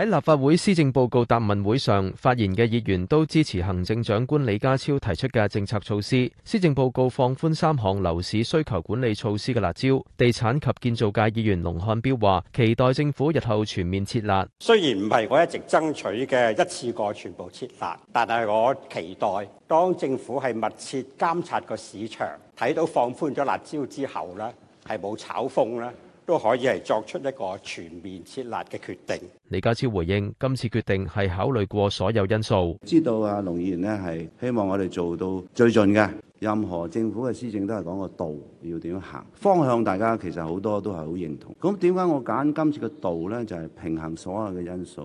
喺立法會施政報告答問會上發言嘅議員都支持行政長官李家超提出嘅政策措施。施政報告放寬三項樓市需求管理措施嘅辣招，地產及建造界議員龍漢標話：期待政府日後全面撤辣。雖然唔係我一直爭取嘅一次過全部撤辣，但係我期待當政府係密切監察個市場，睇到放寬咗辣招之後呢，係冇炒風啦。都可以係作出一個全面撤辣嘅決定。李家超回應今次決定係考慮過所有因素，知道啊，龍議員呢係希望我哋做到最盡嘅。任何政府嘅施政都係講個道要點樣行方向，大家其實好多都係好認同。咁點解我揀今次嘅道呢？就係、是、平衡所有嘅因素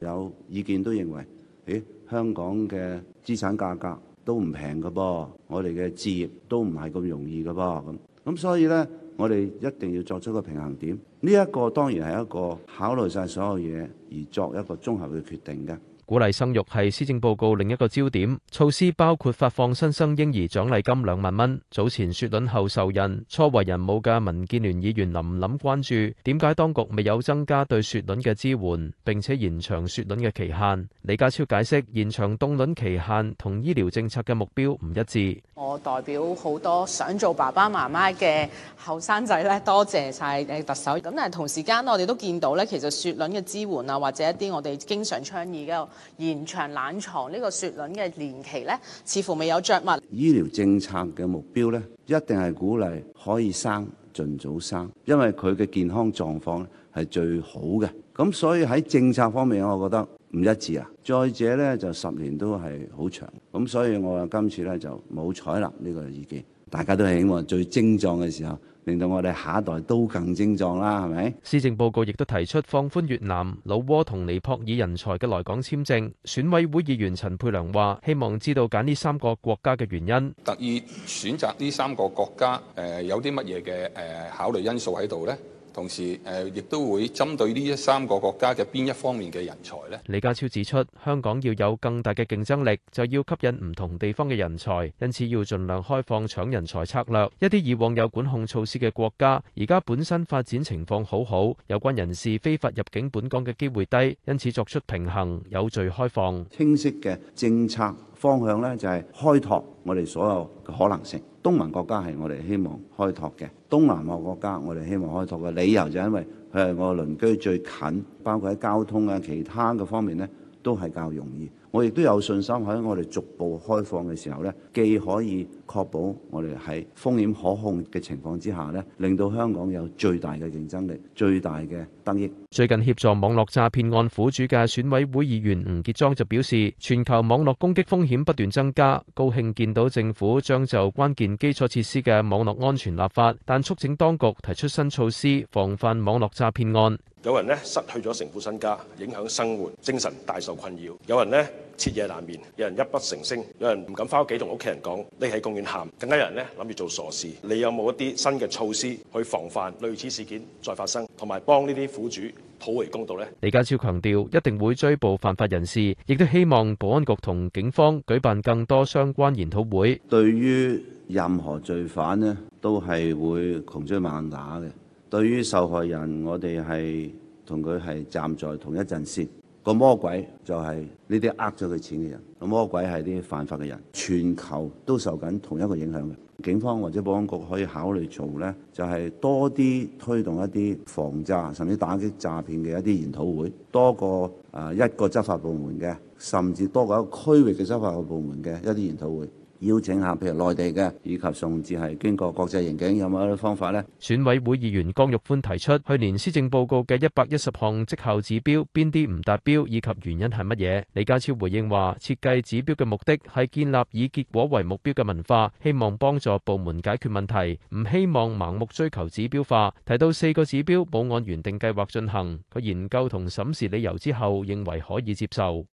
嘅。有意見都認為，誒，香港嘅資產價格都唔平噶噃，我哋嘅置業都唔係咁容易噶噃。咁咁所以呢。我哋一定要作出個平衡點，呢一個當然係一個考慮曬所有嘢而作一個綜合嘅決定嘅。鼓勵生育係施政報告另一個焦點，措施包括發放新生嬰兒獎勵金兩萬蚊。早前雪卵後受孕，初為人母嘅民建聯議員林琳關注，點解當局未有增加對雪卵嘅支援，並且延長雪卵嘅期限？李家超解釋，延長凍卵期限同醫療政策嘅目標唔一致。我代表好多想做爸爸媽媽嘅後生仔咧，多謝晒誒特首。咁但係同時間我哋都見到咧，其實雪卵嘅支援啊，或者一啲我哋經常倡議嘅。延長冷藏呢個雪卵嘅年期呢，似乎未有著墨。醫療政策嘅目標呢，一定係鼓勵可以生，盡早生，因為佢嘅健康狀況咧係最好嘅。咁所以喺政策方面，我覺得唔一致啊。再者呢，就十年都係好長。咁所以我啊今次咧就冇採納呢個意見，大家都係希望最精壯嘅時候，令到我哋下一代都更精壯啦，係咪？施政報告亦都提出放寬越南、老撾同尼泊爾人才嘅來港簽證。選委會議員陳佩良話：希望知道揀呢三個國家嘅原因，特意選擇呢三個國家，誒有啲乜嘢嘅誒考慮因素喺度咧？同時，誒亦都會針對呢一三個國家嘅邊一方面嘅人才咧？李家超指出，香港要有更大嘅競爭力，就要吸引唔同地方嘅人才，因此要盡量開放搶人才策略。一啲以往有管控措施嘅國家，而家本身發展情況好好，有關人士非法入境本港嘅機會低，因此作出平衡，有序開放。清晰嘅政策方向呢就係開拓我哋所有嘅可能性。東盟國家係我哋希望開拓嘅，東南亞國家我哋希望開拓嘅理由就係因為佢係我鄰居最近，包括喺交通啊，其他嘅方面呢，都係較容易。我亦都有信心喺我哋逐步開放嘅時候咧，既可以確保我哋喺風險可控嘅情況之下咧，令到香港有最大嘅競爭力、最大嘅得益。最近協助網絡詐騙案苦主嘅選委會議員吳傑莊就表示，全球網絡攻擊風險不斷增加，高興見到政府將就關鍵基礎設施嘅網絡安全立法，但促請當局提出新措施防範網絡詐騙案。有人咧失去咗成副身家，影響生活，精神大受困擾，有人咧。徹夜難眠，有人泣不成聲，有人唔敢翻屋企同屋企人講，匿喺公園喊，更加有人咧諗住做傻事。你有冇一啲新嘅措施去防範類似事件再發生，同埋幫呢啲苦主討回公道呢？李家超強調，一定會追捕犯法人士，亦都希望保安局同警方舉辦更多相關研討會。對於任何罪犯呢，都係會窮追猛打嘅。對於受害人，我哋係同佢係站在同一陣線。個魔鬼就係呢啲呃咗佢錢嘅人，個魔鬼係啲犯法嘅人，全球都受緊同一個影響嘅。警方或者保安局可以考慮做呢，就係多啲推動一啲防詐甚至打擊詐騙嘅一啲研討會，多過啊一個執法部門嘅，甚至多過一個區域嘅執法部門嘅一啲研討會。邀請下，譬如內地嘅，以及甚至係經過國際刑警有冇一啲方法呢？選委會議員江玉歡提出，去年施政報告嘅一百一十項績效指標，邊啲唔達標以及原因係乜嘢？李家超回應話：設計指標嘅目的係建立以結果為目標嘅文化，希望幫助部門解決問題，唔希望盲目追求指標化。提到四個指標，冇按原定計劃進行，佢研究同審視理由之後，認為可以接受。